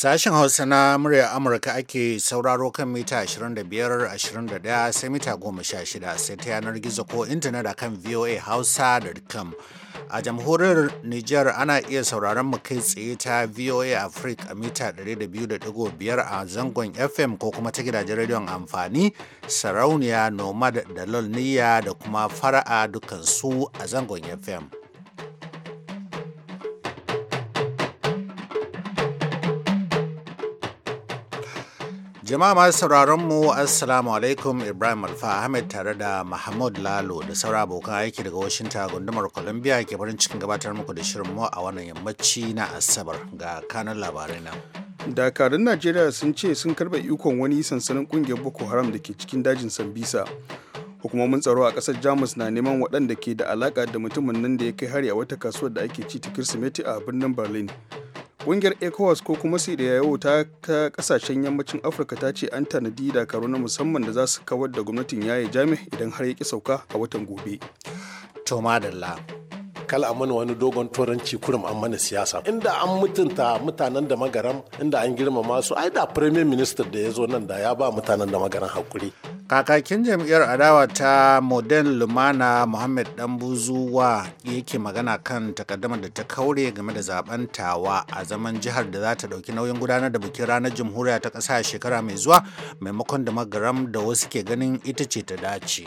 Sashen Hausa na murya Amurka ake sauraro kan mita 25-21 sai mita 16 sai ta yanar gizo ko intanet a kan voa Hausa.com. A jamhuriyar Nijar ana iya sauraron mu kai tsaye ta VOA Africa a mita 200.5 a zangon FM ko kuma ta gidajen rediyon amfani sarauniya nomad da lolniya da kuma fara'a dukansu a zangon FM. Jama'a masu sauraron mu Assalamu alaikum Ibrahim Alfa Ahmed tare da Mahmud Lalo da saura abokan aiki daga Washington gundumar Columbia ke farin cikin gabatar muku da shirin mu a wannan yammaci na Asabar ga kanan labarai nan. Dakarun Najeriya sun ce sun karɓa ikon wani sansanin ƙungiyar Boko Haram da ke cikin dajin Sambisa. Hukumomin tsaro a ƙasar Jamus na neman waɗanda ke da alaƙa da mutumin nan da ya kai hari a wata kasuwar da ake ci ta Kirsimeti a birnin Berlin. Ƙungiyar ECOWAS ko kuma sai da yawo ta ta ƙasashen yammacin Afirka ta ce an tanadi dakaru na musamman da za su kawar da gwamnatin yaye jami idan har ya ki sauka a watan gobe. To kal a mana wani dogon turanci kurum an mana siyasa inda an mutunta mutanen da magaram inda an girmama su ai da premier minister da ya zo nan da ya ba mutanen da magaran hakuri kakakin jam'iyyar adawa ta modern lumana muhammad dambuzuwa yake magana kan takaddamar da ta kaure game da zaben tawa a zaman jihar da za ta dauki nauyin gudanar da bikin ranar jamhuriya ta kasa shekara mai zuwa maimakon da magaram da wasu ke ganin ita ce ta dace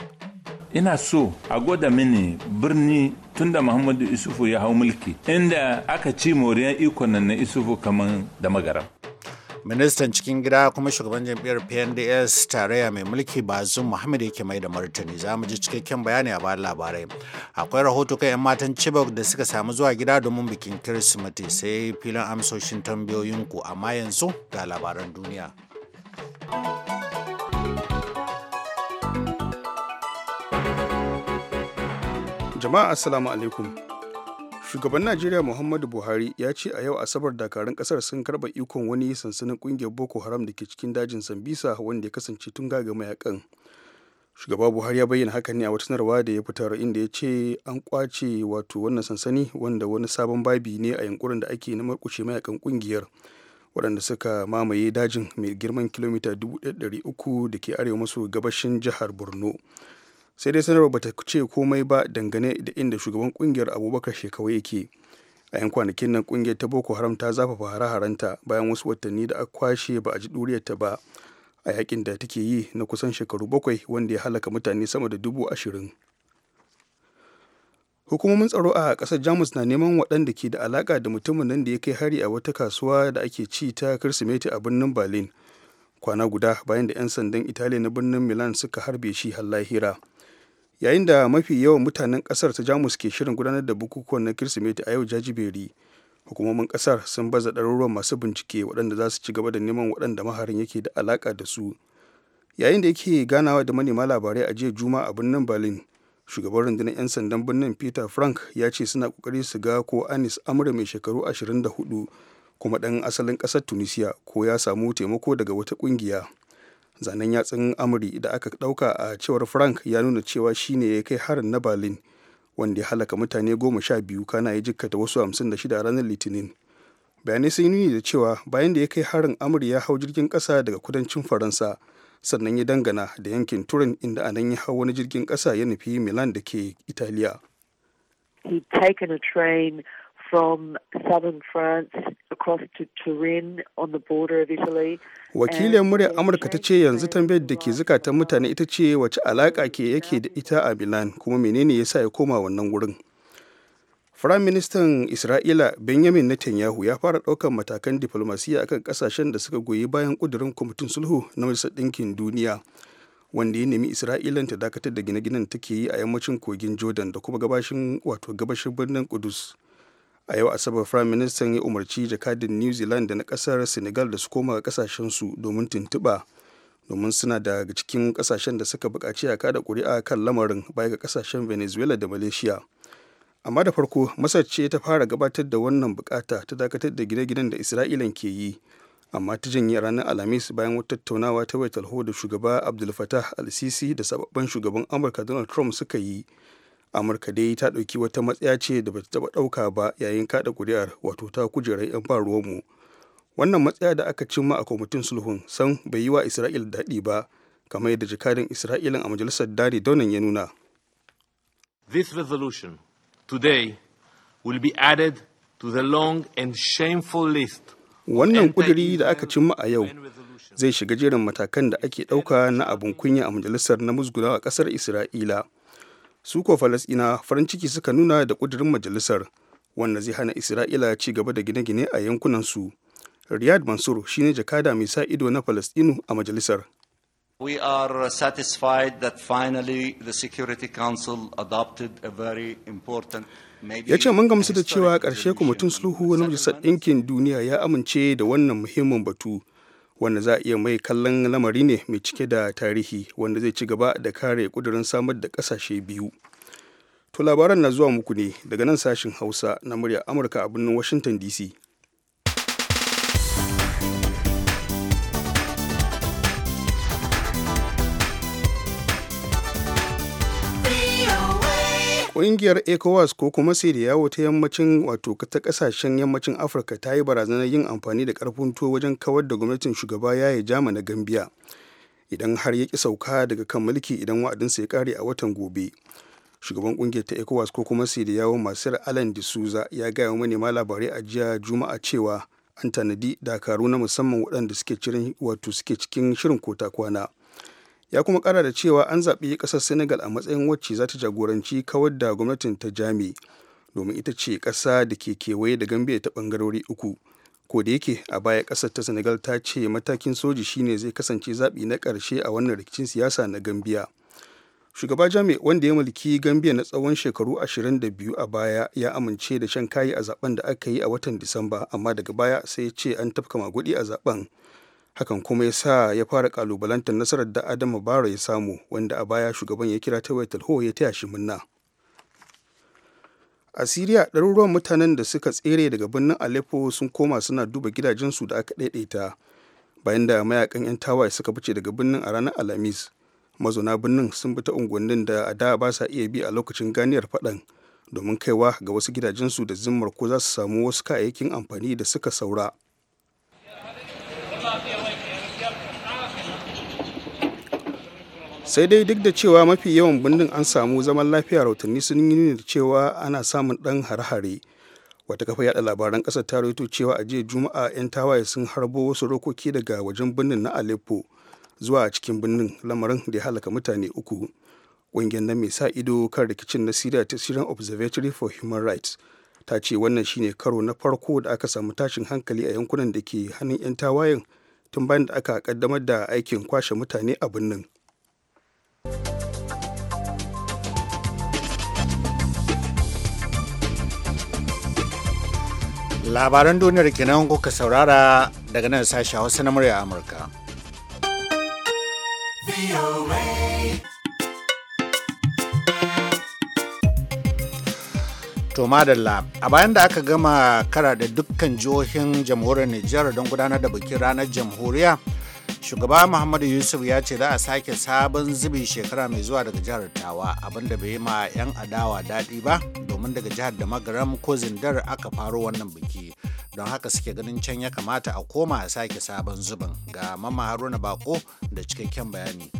ina so a gwada mini birni tunda muhammadu isufu ya hau mulki inda aka ci moriyar ikon nan na isufu kamar da magara ministan cikin gida kuma shugaban jam'iyyar pnds tarayya mai mulki bazum muhammad yake mai da martani za mu ji cikakken bayani a bayan labarai akwai rahoto kan 'yan matan chibok da suka samu zuwa gida domin bikin kirsimeti sai filin amsoshin tambayoyinku amma yanzu ga labaran duniya jama'a assalamu alaikum shugaban najeriya muhammadu buhari ya ce a yau asabar dakarun kasar sun karba ikon wani sansanin ƙungiyar boko haram da ke cikin dajin sambisa wanda ya kasance tun gaga mayakan shugaba buhari ya bayyana hakan ne a wata sanarwa da ya fitar inda ya ce an kwace wato wannan sansani wanda wani sabon babi ne a yankunan da ake na markuce mayakan ƙungiyar waɗanda suka mamaye dajin mai girman kilomita 300 da ke arewa maso gabashin jihar borno sai dai sanarwar bata ce komai ba dangane da inda shugaban kungiyar abubakar shekawa yake a yan kwanakin nan kungiyar ta boko haram ta zafafa hare-harenta bayan wasu watanni da aka kwashe ba a ji ɗuriyarta ba a yakin da take yi na kusan shekaru bakwai wanda ya halaka mutane sama da dubu ashirin hukumomin tsaro a ƙasar jamus na neman waɗanda ke da alaƙa da mutumin nan da ya kai hari a wata kasuwa da ake ci ta kirsimeti a birnin berlin kwana guda bayan da 'yan sandan italiya na birnin milan suka harbe shi har lahira yayin da mafi yawan mutanen kasar ta jamus ke shirin gudanar da bukukuwan na kirsimeti a yau jajiberi hukumomin kasar sun baza ɗaruruwan masu bincike waɗanda za su ci gaba da neman waɗanda maharin yake da alaƙa da su yayin da yake ganawa da manema labarai a jiya juma a birnin berlin shugaban rundunar 'yan sandan birnin peter frank ya ce suna ƙoƙari su ga ko anis amurka mai shekaru 24 kuma ɗan asalin ƙasar tunisia ko ya samu taimako daga wata ƙungiya zanen yatsun amuri da aka ɗauka a cewar frank ya nuna cewa shine ya kai harin na berlin wanda ya halaka mutane goma sha biyu kana ya jikkata wasu hamsin da shida ranar litinin bayanai sun nuni da cewa bayan da ya kai harin amur ya hau jirgin ƙasa daga kudancin faransa sannan ya dangana da yankin turin inda a nan ya hau wani jirgin ƙasa ya nufi milan da ke italiya He'd taken a wakilin muryar Amurka ta ce yanzu tambayar da ke zukata mutane ita ce wace alaƙa ke yake da ita a Milan kuma menene ya sa ya koma wannan wurin. Firaministan Isra'ila Benjamin Netanyahu ya fara ɗaukar matakan diflomasiyya akan ƙasashen da suka goyi bayan ƙudurin kwamitin sulhu na Majalisar Ɗinkin Duniya. wanda ya nemi isra'ila ta dakatar da gine-ginen take yi a yammacin kogin jordan da kuma gabashin wato gabashin birnin kudus a yau asabar prime minister ya umarci jakadin new zealand da na kasar senegal da su koma ga kasashensu domin tuntuɓa domin suna daga cikin kasashen da suka buƙaci a kada ƙuri'a kan lamarin baya ga kasashen venezuela da malaysia amma da farko masar ce ta fara gabatar da wannan bukata ta dakatar da gine-ginen da isra'ilan ke yi amma ta janye ranar alhamis bayan wata tattaunawa ta wai talho da shugaba abdulfatah al-sisi da sababban shugaban amurka donald trump suka yi amurka dai ta ɗauki wata matsaya ce da bata taɓa ɗauka ba yayin kaɗa ƙuri'ar wato ta kujerar 'yan faruwarmu wannan matsaya da aka cimma a kwamitin sulhun san bai yi wa isra'il daɗi ba kamar yadda jakadan isra'ilin a majalisar dare donan ya nuna this resolution today will be added to the long and shameful list wannan kudiri da aka cimma a yau zai shiga jerin matakan da ake ɗauka na abin kunya a majalisar na musguna a ƙasar isra'ila su ko falasɗina farin ciki suka nuna da ƙudurin majalisar wanda zai hana isra'ila ci gaba da gine-gine a yankunansu riyad mansur shine jakada mai sa ido na falasɗinu a majalisar We are satisfied that finally the Security Council adopted a very important ya ce mun gamsu da cewa ƙarshe kwamitin sulhu na majalisar ɗinkin duniya ya amince da wannan muhimmin batu wanda za a iya mai kallon lamari ne mai cike da tarihi wanda zai ci gaba da kare kudurin samar da kasashe biyu to labaran na zuwa muku ne daga nan sashin hausa na murya amurka a birnin washington dc Ƙungiyar ECOWAS ko kuma yawo ta yammacin wato ta ƙasashen yammacin Afirka ta yi barazanar yin amfani da karfin tuwo wajen kawar da gwamnatin shugaba ya yi jama na Gambia. Idan har ya ki sauka daga kan mulki idan wa'adinsa ya kare a watan gobe. Shugaban ƙungiyar ta ECOWAS ko kuma sai da yawo Masir Alan Souza ya gaya wa manema labarai a jiya Juma'a cewa an tanadi dakaru na musamman waɗanda suke cikin shirin kota kwana. ya kuma kara da cewa an zaɓi ƙasar senegal a matsayin wacce za ta jagoranci kawar da gwamnatin ta jami domin ita ce ƙasa da ke kewaye da gambia ta ɓangarori uku ko da yake a baya ƙasar ta senegal ta ce matakin soji shine zai kasance zaɓi na ƙarshe a wannan rikicin siyasa na gambia shugaba jami wanda ya mulki gambia na tsawon shekaru 22 a baya ya amince da shan kayi a zaben da aka yi a watan disamba amma daga baya sai ya ce an tafka magudi a zaben hakan kuma ya sa ya fara kalubalantar nasarar da adamu bara ya samu wanda a baya shugaban ya kira ta ho ya taya shi munna a siriya ɗaruruwan mutanen da suka tsere daga birnin aleppo sun koma suna duba gidajensu da aka ɗaiɗaita bayan da mayakan 'yan tawaye suka fice daga birnin a ranar alhamis mazauna birnin sun bi ta unguwannin da a da ba sa iya bi a lokacin ganiyar faɗan domin kaiwa ga wasu gidajensu da zimmar ko za su samu wasu kayayyakin amfani da suka saura sai dai duk da cewa mafi yawan birnin an samu zaman lafiya rahotanni sun yi da cewa ana samun ɗan hare-hare wata kafa yada labaran ƙasar ta rawaito cewa a jiya juma'a 'yan tawaye sun harbo wasu rokoki daga wajen birnin na aleppo zuwa cikin birnin lamarin da ya halaka mutane uku ƙungiyar na mai sa ido kan rikicin na syria ta syrian observatory for human rights ta ce wannan shine karo na farko da aka samu tashin hankali a yankunan da ke hannun 'yan tawayen tun bayan da aka kaddamar da aikin kwashe mutane a birnin labaran duniyar kenan kuka saurara daga nan sashi hausa na murya amurka to madalla a bayan da aka gama kara da dukkan jihohin jamhuriyar nijar don gudanar da bikin ranar jamhuriya shugaba muhammadu yusuf ya ce za a sake sabon zubin shekara mai zuwa daga jihar tawa abinda bai yi ma 'yan adawa daɗi ba domin daga jihar da magaram ko zindar aka faro wannan biki don haka suke ganin can ya kamata a koma a sake sabon zubin ga mamma haruna bako da cikakken bayani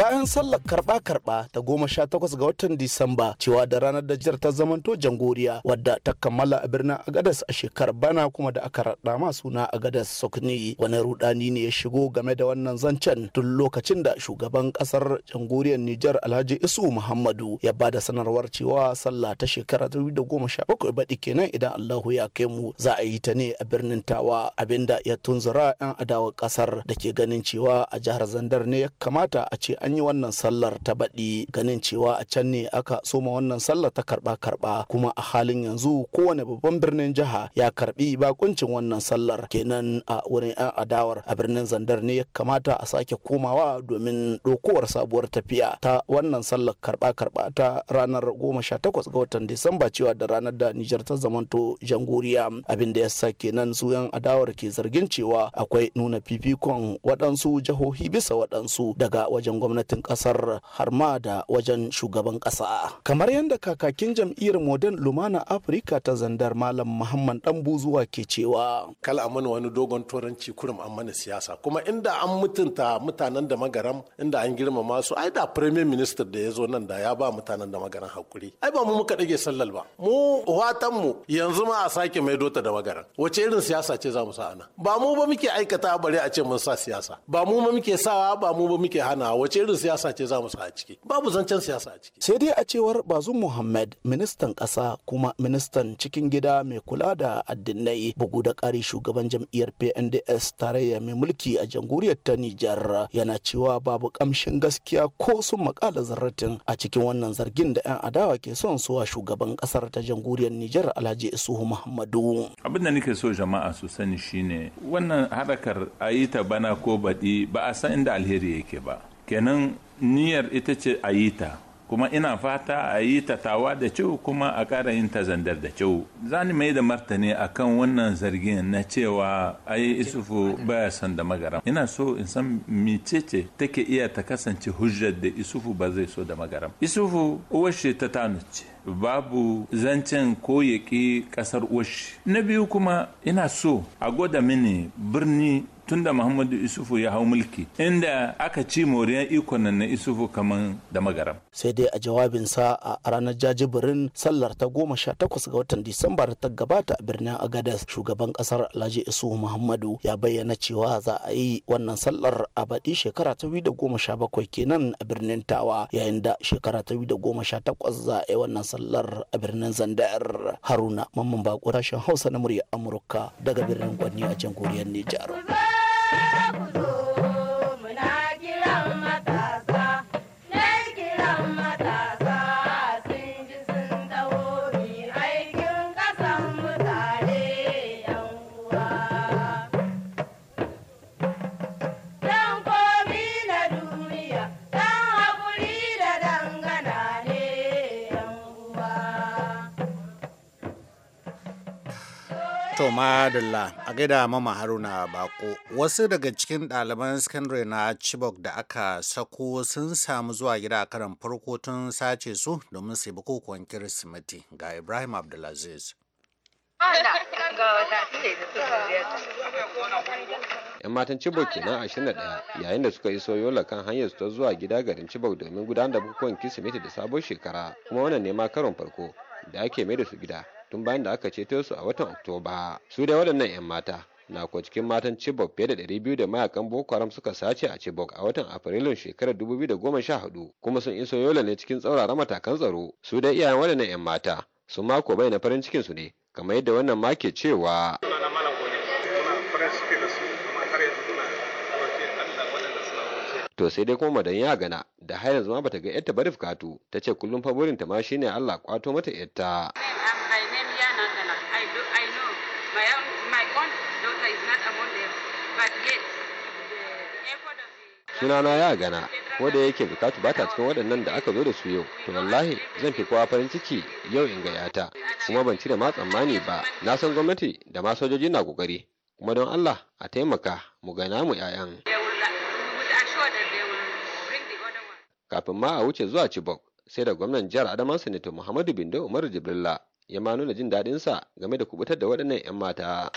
bayan sallar karba karba ta goma sha takwas ga watan disamba cewa da ranar da jihar ta zamanto jangoriya wadda ta kammala a birnin agadas a shekarar bana kuma da aka raɗa ma suna agadas sokni wani rudani ne ya shigo game da wannan zancen tun lokacin da shugaban kasar jangoriyar nijar alhaji isu muhammadu ya ba da sanarwar cewa sallah ta shekara ta da goma sha bakwai baɗi kenan idan allahu ya kai mu za a yi ta ne a birnin tawa abinda ya tunzura 'yan adawar kasar da ke ganin cewa a jihar zandar ne ya kamata a ce an an yi wannan sallar ta baɗi ganin cewa a can ne aka soma wannan sallar ta karɓa karɓa kuma a halin yanzu kowane babban birnin jiha ya karɓi bakuncin wannan sallar kenan a wurin 'yan adawar a birnin zandar ne ya kamata a sake komawa domin ɗokowar sabuwar tafiya ta wannan sallar karɓa karɓa ta ranar goma sha takwas ga watan disamba cewa da ranar da nijar ta zamanto jangoriya abin da ya sa kenan su 'yan adawar ke zargin cewa akwai nuna fifikon waɗansu jihohi bisa waɗansu daga wajen gwamnati gwamnatin kasar harma da wajen shugaban kasa kamar yadda kakakin jam'iyyar modern lumana afirka ta zandar malam muhammad dan buzuwa ke cewa kala mana wani dogon turanci kurum an mana siyasa kuma inda an mutunta mutanen da magaram inda an girmama su ai da premier minister da ya zo nan da ya ba mutanen da magaran hakuri ai ba mu muka dage sallal ba mu watan mu yanzu ma a sake mai ta da magaran wace irin siyasa ce za mu sa ana ba mu ba muke aikata bare a ce mun sa siyasa ba mu ba muke sawa ba mu ba muke hana wace shirin siyasa ce za mu sa a ciki babu zancen siyasa a ciki sai dai a cewar bazum muhammad ministan ƙasa kuma ministan cikin gida mai kula da addinai bugu da ƙari shugaban jam'iyyar pnds tarayya mai mulki a jamhuriyar ta nijar yana cewa babu ƙamshin gaskiya ko sun makala zarratin a cikin wannan zargin da 'yan adawa ke son suwa shugaban kasar ta jamhuriyar nijar alhaji isuhu muhammadu abin da nake so jama'a su sani shine wannan harakar ayi ta bana ko baɗi ba a san inda alheri yake ba kenan niyyar ita ce a yi ta kuma ina fata a yi ta tawa da kyau kuma a ƙara yin ta zandar da kyau zani mai da martani a kan wannan zargin na cewa a yi isufu baya son da magara ina so in san micece take iya ta kasance hujjar da isufu ba zai so da magara isufu uwashi ta ce. babu zancen ko ya ƙi ƙasar uwashi na biyu kuma ina so a gwada mini birni tun da Muhammadu Isufu ya hau mulki inda aka ci moriyar ikon nan na Isufu kaman da magaram. Sai dai a jawabinsa a ranar jajibirin sallar ta goma sha takwas ga watan Disamba ta gabata a birnin Agadas shugaban kasar Alhaji Isufu Muhammadu ya bayyana cewa za a yi wannan sallar a baɗi shekara ta da goma sha bakwai kenan a birnin Tawa yayin da shekara ta da goma sha takwas za a yi wannan sallar a birnin Zandar Haruna Mamman Bako rashin Hausa na murya Amurka daga birnin Kwanni a jamhuriyar Nijar. 하라고. To madalla a gaida mama haruna bako wasu daga cikin ɗaliban secondary na Chibok da aka sako sun samu zuwa gida a karan farko tun sace su domin su yi bukukuwan Kirsimeti ga Ibrahim Abdulaziz. 'yan matan Chibok kenan 21 yayin da suka iso Yola kan hanyar su ta zuwa gida garin Chibok domin gudanar da bukukuwan Kirsimeti da sabon shekara kuma wannan ne ma karon farko da ake mai da su gida tun bayan da aka ceto su a watan oktoba su dai waɗannan 'yan mata na ko cikin matan Chibok fiye da 200 da mayakan Boko Haram suka sace a Chibok a watan Afrilun shekarar 2014 kuma sun iso Yola ne cikin tsaurara matakan tsaro su da iyayen waɗannan 'yan mata su mako bai na farin cikin su ne kamar yadda wannan ma ke cewa to sai dai kuma madan ya gana da har yanzu ma bata ga yarta barif katu tace kullum fa burinta ma shine Allah kwato mata yarta sunana ya gana wadda yake bukatu bata cikin waɗannan da aka zo da su yau to wallahi zan fi kowa farin ciki yau in ga yata kuma ban cire ma tsammani ba na san gwamnati da ma sojoji na kokari kuma don Allah a taimaka mu gana mu 'ya'yan. Uh, kafin ma a wuce zuwa Chibok sai da gwamnan jihar Adama Sanito Muhammadu Bindo Umaru Jibrilla ya ma nuna jin daɗinsa game da kubutar da waɗannan 'yan mata.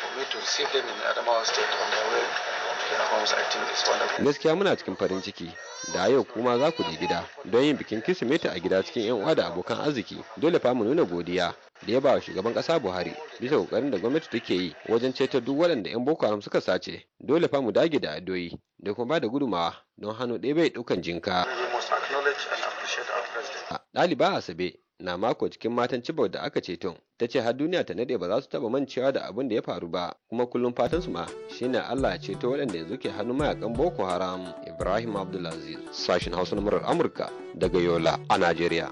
Gaskiya muna cikin farin ciki da yau kuma za ku je gida don yin bikin Kirsimeti a gida cikin 'yan uwa da abokan arziki dole fa mu nuna godiya da ya ba wa shugaban kasa Buhari bisa kokarin da gwamnati take yi wajen ceto duk waɗanda 'yan Boko Haram suka sace dole fa mu dage da addu'o'i da kuma ba da gudumawa don hannu ɗaya bai ɗaukan jinka. Ɗaliba Asabe na mako cikin matan Chibok da aka tun. Ta ce har duniya ta nade ba za su taba mancewa da abin da ya faru ba, kuma kullum fatan su ma shine Allah ya ceto waɗanda yanzu ke hannun mayakan Boko Haram. Ibrahim Abdulaziz, sashin Hausa na murar Amurka daga Yola a Najeriya.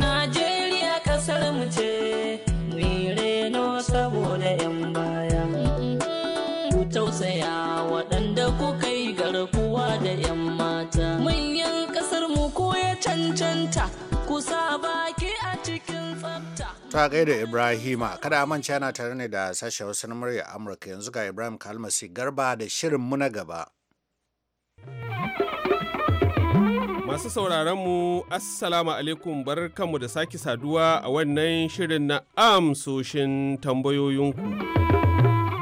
Najeriya kasar mu ce, mu reno saboda 'yan ta gaida ibrahima kada manci yana tare ne da sashen wasu na murya amurka yanzu ga ibrahim kalmasi garba da shirin mu na gaba masu sauraron mu assalamu alaikum barkanmu da sake saduwa a wannan shirin na amsoshin tambayoyinku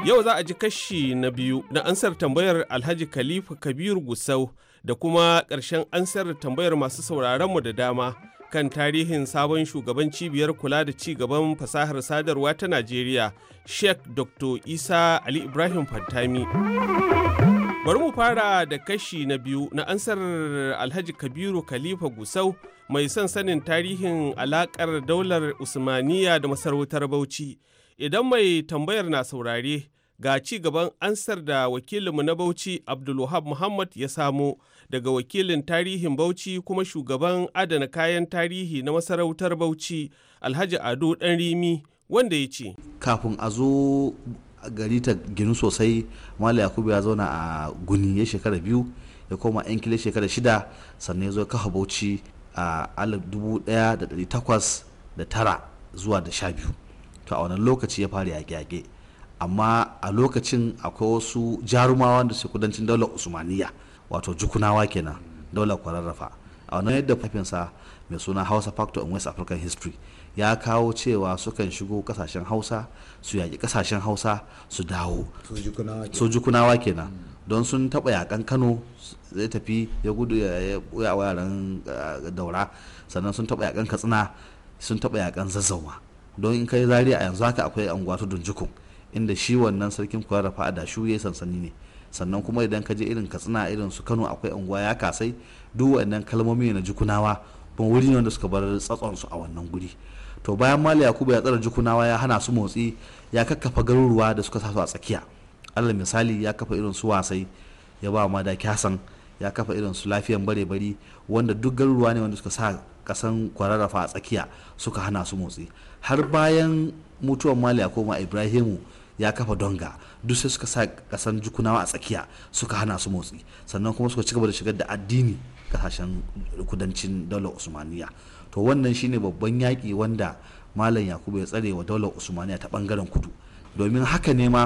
yau za a ji kashi na biyu na ansar tambayar alhaji khalifa kabiru gusau da kuma ƙarshen ansar tambayar masu sauraron da dama kan tarihin sabon shugaban cibiyar kula da ci gaban fasahar sadarwa ta Najeriya, Sheikh Dr. Isa Ali Ibrahim Fantami. Bari mu fara da kashi na biyu na ansar Alhaji Kabiru Khalifa Gusau mai son sanin tarihin alakar daular Usmaniya da masarautar Bauchi. Idan mai tambayar na saurare, ga ci gaban ansar da wakilinmu na Bauchi Abdulwahab Muhammad ya samo daga wakilin tarihin Bauchi kuma shugaban adana kayan tarihi na masarautar Bauchi Alhaji Ado Dan Rimi wanda ya ce. Kafin a zo gari ta ginu sosai ya Yakubu ya zauna a guni ya shekara biyu ya koma yan kila shekara shida sannan ya zo kafa Bauchi a 1809 zuwa da sha biyu. To a wannan lokaci ya fara yaƙe-yaƙe. amma a lokacin akwai wasu jarumawa da su kudancin daular usmaniya wato jukunawa kenan daular kwararrafa a wannan yadda fafinsa mai suna hausa factor in west african history ya kawo cewa sukan shigo kasashen hausa su yaƙi kasashen hausa su dawo su jukunawa kenan don sun taɓa yaƙan kano zai tafi ya gudu ya wayaran eh, daura sannan sun taɓa yaƙan katsina sun taɓa yaƙan zazzauma don in kai zariya a yanzu haka akwai anguwa ta jukun inda shi wannan sarkin kula da fa'ada shu ya sansani ne sannan kuma idan ka je irin katsina irin su kano akwai unguwa ya kasai duk wannan kalmomi na jukunawa ban wuri ne wanda suka bar tsatson su a wannan guri to bayan mali yakubu ya tsara jukunawa ya hana su motsi ya kakkafa garuruwa da suka sasu a tsakiya alal misali ya kafa irin su wasai ya ba ma da kyasan ya kafa irin su lafiyan bare bari wanda duk garuruwa ne wanda suka sa kasan kwararrafa a tsakiya suka hana su motsi har bayan mutuwan mali yakubu ibrahimu ya kafa donga duk sai suka sa kasan jukunawa a tsakiya suka hana su motsi sannan kuma suka cigaba da shigar da addini kasashen kudancin daular usmaniya to wannan shine babban yaƙi wanda malam yakubu ya tsare wa daular usmaniya ta bangaren kudu domin haka ne ma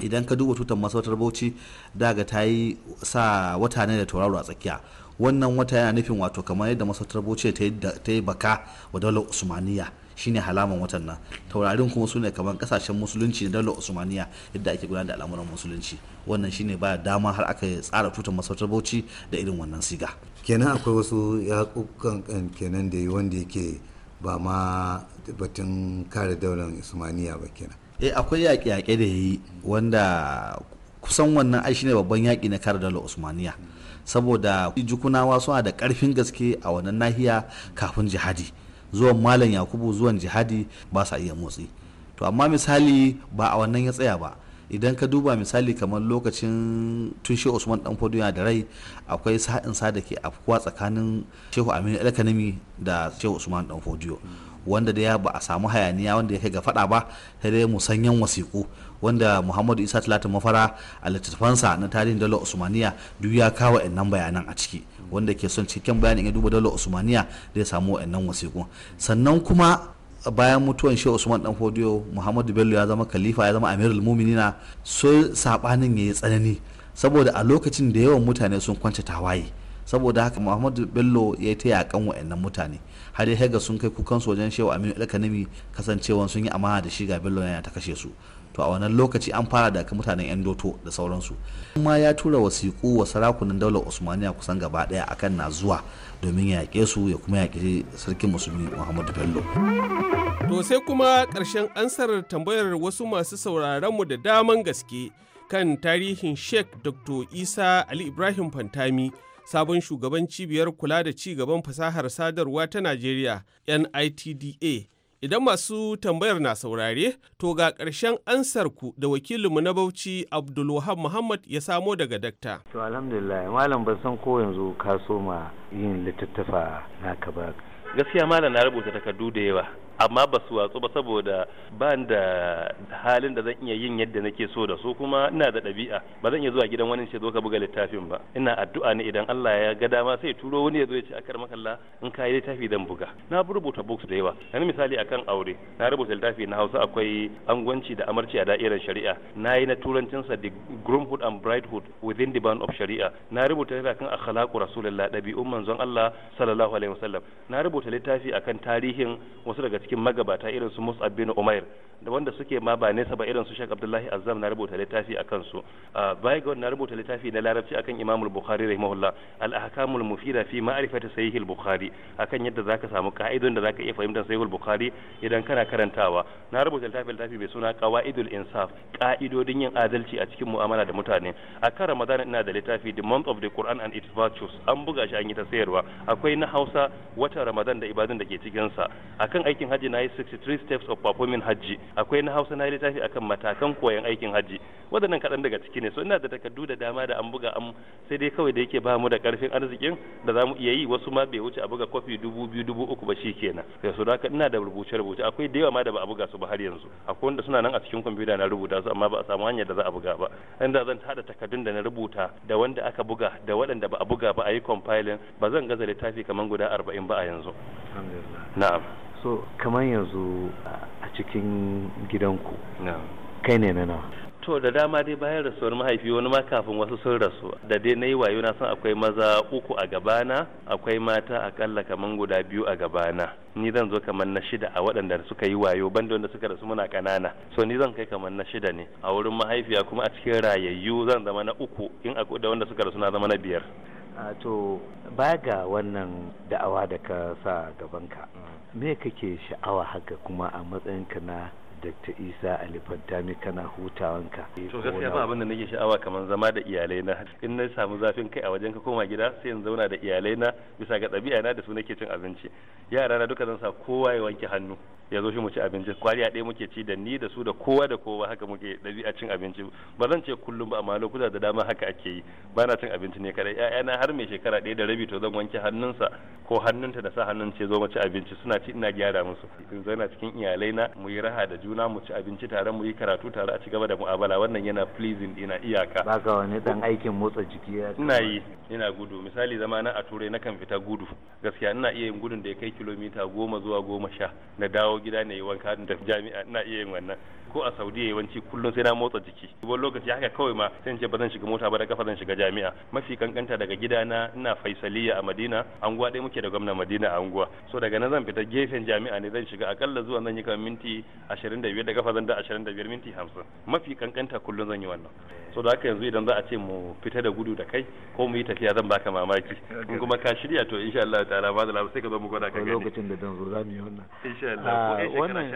idan ka duba tutar masautar bauchi daga ta yi sa wata ne da tauraro a tsakiya wannan wata yana nufin wato kamar yadda masautar bauchi ta yi baka wa daular usmaniya shine halaman watan nan taurarin kuma su ne kamar kasashen musulunci da dalar usmaniya yadda ake gudanar da al'amuran musulunci wannan shine ba dama har aka tsara tutar masautar bauchi da irin wannan siga kenan akwai wasu kukan eh, kenan da yi wanda yake ba ma batun kare daular usmaniya ba kenan eh akwai yaƙe-yaƙe da yi wanda kusan wannan ai shine babban yaƙi na kare daular usmaniya saboda jukunawa suna da ƙarfin gaske a wannan nahiya kafin jihadi zuwan malam yakubu zuwan jihadi ba sa iya motsi to amma misali ba a wannan ya tsaya ba idan ka duba misali kamar lokacin tun shehu usman dan yana da rai akwai sa'in sa da ke afkuwa tsakanin shehu aminu alkanami da shehu usman dan fodiyo wanda da ya ba a samu hayaniya wanda ya kai ga fada ba sai dai musanyan wasiku wanda muhammadu isa talata mafara a littattafansa na tarihin dalar usmaniya duk ya kawo nan bayanan a ciki wanda ke son cikin bayanin ya duba dalar usmaniya da ya samu nan wasiƙu sannan kuma bayan mutuwan shehu usman dan fodiyo muhammadu bello ya zama kalifa ya zama amirul muminina so sabanin yi tsanani saboda a lokacin da yawan mutane sun kwance tawaye saboda haka muhammadu bello ya ta yakan wa'annan mutane har ya ga sun kai kukan su wajen shewa aminu alkanami kasancewan sun yi amana da shi ga bello yana ta kashe su to a wannan lokaci an fara da mutanen yan doto da sauransu kuma ya tura wasiƙu wa sarakunan daular usmaniya kusan gaba ɗaya akan na zuwa domin ya yaƙe su ya kuma yaƙi sarkin musulmi muhammadu bello to sai kuma karshen ansar tambayar wasu masu sauraron mu da daman gaske kan tarihin sheikh dr isa ali ibrahim fantami sabon shugaban cibiyar kula da ci gaban fasahar sadarwa ta Najeriya NITDA. Idan masu tambayar na saurare, to ga ƙarshen ansarku da wakilinmu na Bauchi Abdulwahab Muhammad ya samo daga dakta. To alhamdulillah, malam ban san ko yanzu ka soma yin littattafa naka ba. Gaskiya malam na rubuta takardu da yawa. amma ba su watsu ba saboda ba da halin da zan iya yin yadda nake so da su kuma ina da ɗabi'a ba zan iya zuwa gidan wani ce zo ka buga littafin ba ina addu'a ne idan Allah ya ga dama sai turo wani ya zo ya ce akar makalla in ka yi littafi zan buga na rubuta books da yawa yanzu misali akan aure na rubuta littafi na Hausa akwai angwanci da amarci a da'irar shari'a na yi na turancinsa the groomhood and bridehood within the band of shari'a na rubuta littafi akan akhlaqu rasulullah ɗabi'un manzon Allah sallallahu alaihi wasallam na rubuta littafi akan tarihin wasu daga cikin magabata irin su Mus'ab bin Umair da wanda suke ma ba nesa ba irin su Sheikh Abdullahi Azzam na rubuta littafi akan su bai ga na rubuta littafi na Larabci akan Imam Bukhari rahimahullah al ahkamul mufida fi ma'rifati sahih Bukhari akan yadda zaka samu ka'idun da zaka iya fahimtar sahih Bukhari idan kana karantawa na rubuta littafi littafi mai suna qawaidul insaf ka'idodin yin adalci a cikin mu'amala da mutane a kan Ramadan ina da littafi the month of the Quran and its virtues an buga shi an yi ta sayarwa akwai na Hausa watan Ramadan da ibadun da ke cikin sa akan aikin haji na yi 63 steps of performing hajji akwai na hausa na yi littafi akan matakan koyon aikin hajji waɗannan kaɗan daga ciki ne so ina da takardu da dama da an buga an sai dai kawai da yake ba mu da karfin arzikin da za mu iya yi wasu ma bai wuce a buga kofi dubu biyu dubu uku ba shi kenan sai su haka ina da rubuce rubuce akwai da yawa ma da ba a buga su ba har yanzu akwai wanda suna nan a cikin kwamfuta na rubuta su amma ba a samu hanyar da za a buga ba da zan hada takardun da na rubuta da wanda aka buga da waɗanda ba a buga ba a yi compiling ba zan gaza littafi kamar guda arba'in ba a yanzu na'am so kamar yanzu a cikin gidanku kai ne na to da dama dai bayan rasuwar mahaifi wani ma kafin wasu sun rasu da dai na yi wayo na san akwai maza uku a gabana akwai mata akalla kaman guda biyu a gabana ni zan zo kamar na shida a waɗanda suka yi wayo banda wanda suka rasu muna ƙanana so ni zan kai kamar na shida ne a wurin mahaifiya kuma a cikin rayayyu zan zama na uku in akwai da wanda suka rasu na zama na biyar to ba ga wannan da'awa da ka sa gabanka me kake sha'awa haka kuma a matsayinka na Dr. Isa Alifantami kana hutawanka. To gaskiya ba abin da nake sha'awa kamar zama da iyalai na in na samu zafin kai a wajen ka koma gida sai in zauna da iyalai na bisa ga ɗabi'a na da su nake cin abinci. Yara na duka zan sa kowa ya wanke hannu. ya zo shi mu ci abinci kwariya ɗaya muke ci da ni da su da kowa da kowa haka muke a cin abinci ba zan ce kullum ba amma lokuta da dama haka ake yi ba na cin abinci ne kadai ƴaƴana har mai shekara ɗaya da rabi to zan wanke hannunsa ko hannunta da sa hannun ce zo mu ci abinci suna ci ina gyara musu in zauna cikin iyalai na mu yi raha da juna mu ci abinci tare mu yi karatu tare a ci gaba da mu'amala wannan yana pleasing ina iyaka ba wani dan aikin motsa jiki ina yi ina gudu misali zama na a turai na kan fita gudu gaskiya ina iya yin gudun da ya kai kilomita goma zuwa goma sha na dawo dawo gida ne wanka da jami'a ina iya yin wannan ko a saudiya yawanci kullum sai na motsa jiki wani lokaci haka kawai ma sai ce ba zan shiga mota ba da kafa zan shiga jami'a mafi kankanta daga gidana ina faisaliya a madina anguwa ɗaya muke da gwamna madina a anguwa so daga nan zan fita gefen jami'a ne zan shiga akalla zuwa zan yi kamar minti ashirin da biyar da kafa zan da ashirin da biyar minti hamsin mafi kankanta kullum zan yi wannan so da haka yanzu idan za a ce mu fita da gudu da kai ko mu yi tafiya zan baka mamaki in kuma ka shirya to insha Allah ta'ala ba da sai ka zo mu gwada ka gani lokacin da dan zo za mu yi wannan insha Allah wannan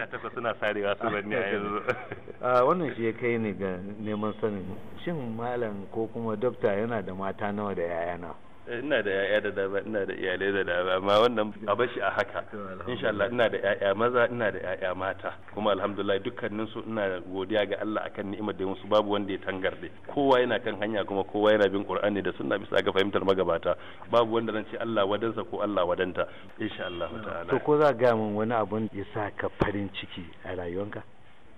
a wannan shi ya kai ni ga neman sanin shin malam ko kuma dokta yana da mata nawa da yayana. Eh, ina da yaya da dama ina da iyalai da dama amma wannan a bashi a haka insha Allah ina da yaya maza ina da yaya mata kuma alhamdulillah dukkanin su ina godiya ga Allah akan ni'imar da musu babu wanda ya tangarde kowa yana kan hanya kuma kowa yana bin Qur'ani da sunna bisa ga fahimtar magabata babu wanda zan ce Allah wadansa ko Allah wadanta insha Allah ta'ala to ko za ga mun wani abun ya sa ka farin ciki a rayuwanka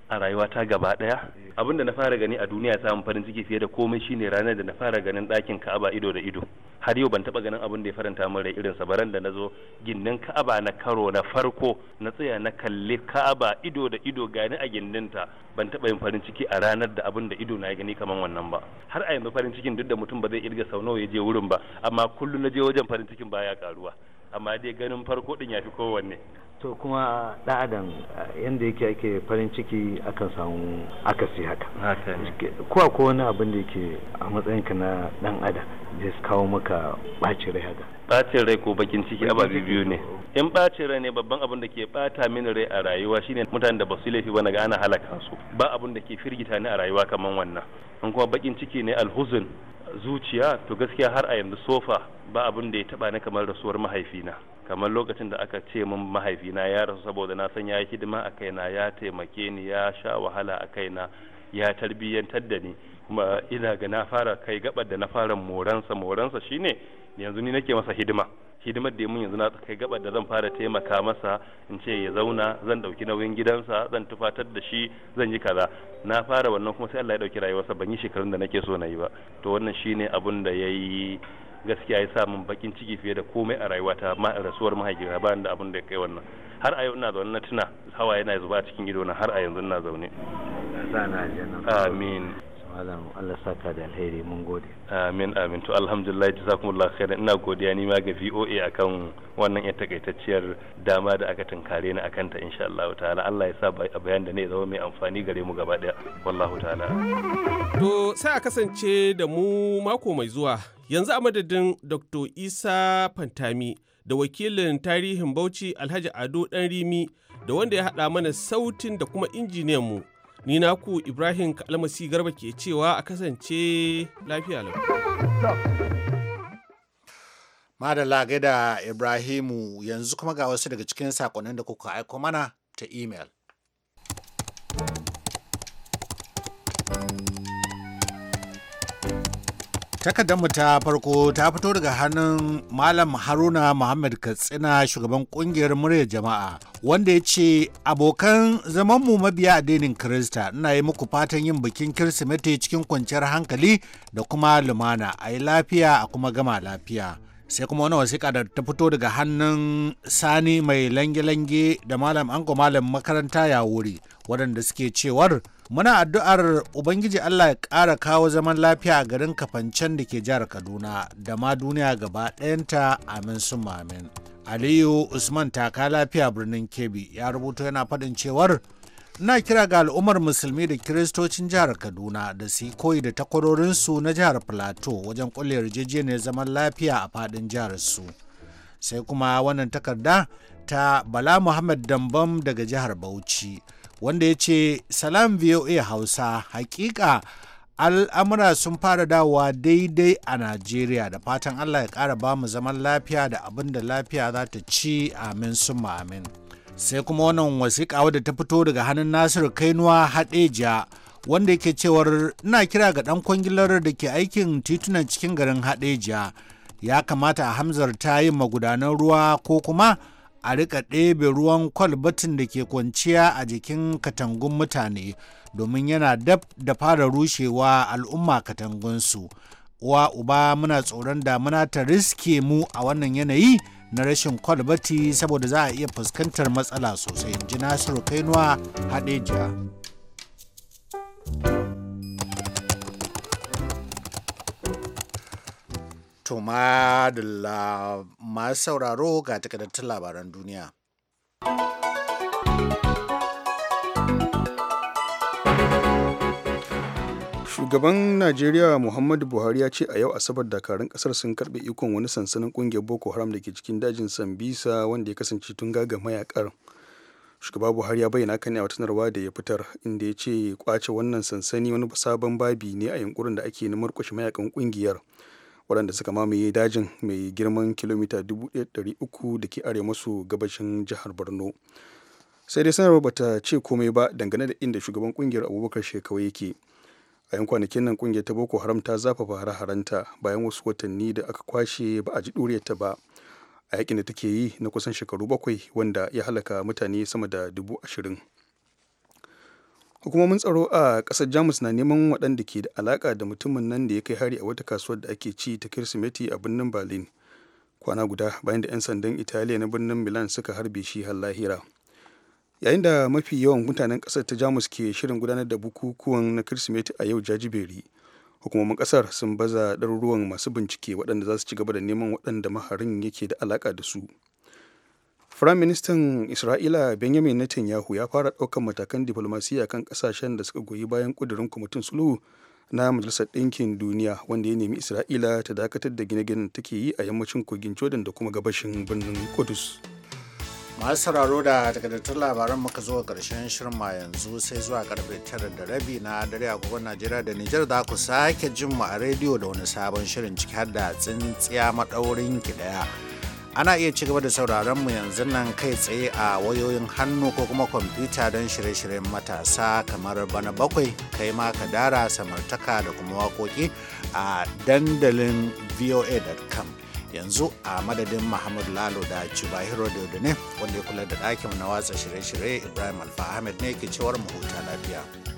a rayuwata gaba daya abin da na fara gani a duniya samun farin ciki fiye da komai shine ranar da na fara ganin ɗakin ka'aba ido da ido har yau ban taba ganin abin da ya faranta min rai irin sabaran da na zo gindin ka'aba na karo na farko na tsaya na kalli ka'aba ido da ido gani a gindinta ban taba yin farin ciki a ranar da abin da ido na ya gani kaman wannan ba har a yanzu farin cikin duk da mutum ba zai irga sau nawa ya je wurin ba amma kullum na je wajen farin cikin baya karuwa amma dai ganin farko din yafi kowanne to kuma da adam yanda yake ake farin ciki akan samu akasi haka ko ko wani abin da yake a matsayinka na dan adam su kawo maka bacin rai haka bacin rai ko bakin ciki ababe biyu ne in bacin rai ne babban abin da ke bata mini rai a rayuwa shine mutanen da ba su laifi ba na ga ana halaka su ba abin da ke firgita ni a rayuwa kaman wannan in kuma bakin ciki ne alhuzun zuciya to gaskiya har a yanzu sofa ba abin da ya taba ni kamar rasuwar mahaifina kamar lokacin da aka ce min mahaifina ya rasu saboda na san ya yi hidima a kaina ya taimake ni ya sha wahala a kaina ya tarbiyyantar da ni kuma ina ga na fara kai gabar da na fara moransa moransa shine yanzu ni nake masa hidima hidimar da mun yanzu na kai gaba da zan fara taimaka masa in ce ya zauna zan dauki nauyin gidansa zan tufatar da shi zan yi kaza na fara wannan kuma sai Allah ya dauki rayuwarsa ban yi shekarun da nake so na yi ba to wannan shine abun da yayi gaskiya ya sa min bakin ciki fiye da komai a rayuwata ma rasuwar mahaifina ba da abun da ya kai wannan har a yau ina zaune na tuna hawa yana zuba cikin gidona har a yanzu ina zaune amin malam Allah saka da alheri mun gode amin amin to alhamdulillah jazakumullah khairan ina godiya ni ma ga VOA akan wannan ya takaitacciyar dama da aka tunkare ni akan ta insha Allah ta'ala Allah ya sa bayan da ne zama mai amfani gare mu gaba daya wallahu ta'ala to sai a kasance da mu mako mai zuwa yanzu a madadin Dr. Isa Fantami da wakilin tarihin Bauchi Alhaji Ado Danrimi da wanda ya haɗa mana sautin da kuma injiniyan mu Ni naku Ibrahim Kalmasi Garba ke cewa a kasance lafiya lau. Madalla gaida Ibrahimu yanzu kuma ga wasu daga cikin sakonnin da kuka aiko mana ta imel. mu ta farko ta fito daga hannun Malam Haruna Muhammad Katsina shugaban kungiyar muryar jama'a wanda ya ce abokan zamanmu mabiya addinin Kirista ina yi muku fatan yin bikin Kirsimeti cikin kwanciyar hankali da kuma lumana a yi lafiya a kuma gama lafiya. sai kuma wani wasiƙa da ta fito daga hannun sani mai lange-lange da malam ango malam makaranta ya wuri waɗanda suke cewar muna addu'ar ubangiji allah ya ƙara kawo zaman lafiya a garin kafancen da ke jihar kaduna da ma duniya gaba ɗayanta amin sun amin aliyu usman taka lafiya birnin kebbi ya rubuto yana faɗin cewar na kira ga al'ummar musulmi da kiristocin jihar kaduna da su koyi da takwarorinsu na jihar plateau wajen kulle yarjejeniyar zaman lafiya a faɗin jihar su sai kuma wannan takarda ta bala muhammad dambam daga jihar bauchi wanda ya ce salam voa hausa hakika al'amura sun fara dawowa daidai a najeriya da fatan allah ya kara ba mu zaman lafiya da abin da lafiya za ta ci amin summa amin sai kuma wannan wasiƙa wadda ta fito daga hannun nasiru kainuwa haɗeja wanda yake cewar ina kira ga ɗan kwangilar da ke aikin titunan cikin garin haɗeja ya kamata a hamzar ta yi magudanan ruwa ko kuma a rika ɗebe ruwan kwalbatin da ke kwanciya a jikin katangun mutane domin yana dab da fara rushewa al'umma katangunsu uwa uba muna tsoron damuna ta riske mu a wannan yanayi na rashin kwalbati saboda za a iya fuskantar matsala sosai in ji nasiru kainuwa To madalla masu sauraro ga takardattun labaran duniya. Shugaban Najeriya Muhammadu Buhari ya ce a yau Asabar dakarun kasar sun karbe ikon wani sansanin kungiyar Boko Haram da ke cikin dajin Sambisa wanda ya kasance tun gaga mayakar. Shugaba Buhari ya bayyana kan a tunarwa da ya fitar inda ya ce kwace wannan sansani wani sabon babi ne a yunkurin da ake na murkushe mayakan ƙungiyar. waɗanda suka mamaye dajin mai girman kilomita 300 da ke arewa maso gabashin jihar borno sai dai sanarwa bata ce komai ba dangane da inda shugaban kungiyar abubakar shekawa yake a yan kwanakin nan kungiyar ta boko haram ta zafafa hare haranta bayan wasu watanni da aka kwashe ba a ji ta ba a yakin da take yi na kusan shekaru bakwai wanda ya halaka mutane sama da dubu ashirin hukumomin tsaro a ƙasar jamus na neman waɗanda ke da alaƙa da mutumin nan da ya kai hari a wata kasuwar da ake ci ta kirsimeti a birnin berlin kwana guda bayan da 'yan sandan italiya na birnin milan suka harbe shi har lahira yayin da mafi yawan mutanen ƙasar ta jamus ke shirin gudanar da bukukuwan na kirsimeti a yau jajiberi hukumomin ƙasar sun baza ɗaruruwan masu bincike waɗanda za su ci gaba da neman waɗanda maharin yake da alaƙa da su Firaministan Isra'ila Benjamin Netanyahu ya fara ɗaukar matakan diflomasiyya kan ƙasashen da suka goyi bayan ƙudurin kwamitin sulhu na Majalisar Ɗinkin Duniya wanda ya nemi Isra'ila ta dakatar da gine-ginen take yi a yammacin kogin Jordan da kuma gabashin birnin Kudus. masu sauraro da takardattun labaran muka zo karshen shirma yanzu sai zuwa karfe tara da rabi na dare a agogon najeriya da nijar za ku sake jin mu a rediyo da wani sabon shirin ciki har da tsintsiya maɗaurin ki ɗaya. ana iya ci gaba da sauraron mu yanzu nan kai tsaye a wayoyin hannu ko kuma kwamfuta don shirye-shiryen matasa kamar bana bakwai kai ma ka dara samartaka da kuma wakoki a dandalin voa.com yanzu a madadin muhammadu lalo da cibahiro da ne wanda ya kula da ɗakin na watsa shirye-shirye ibrahim alfa ne ke cewar mu lafiya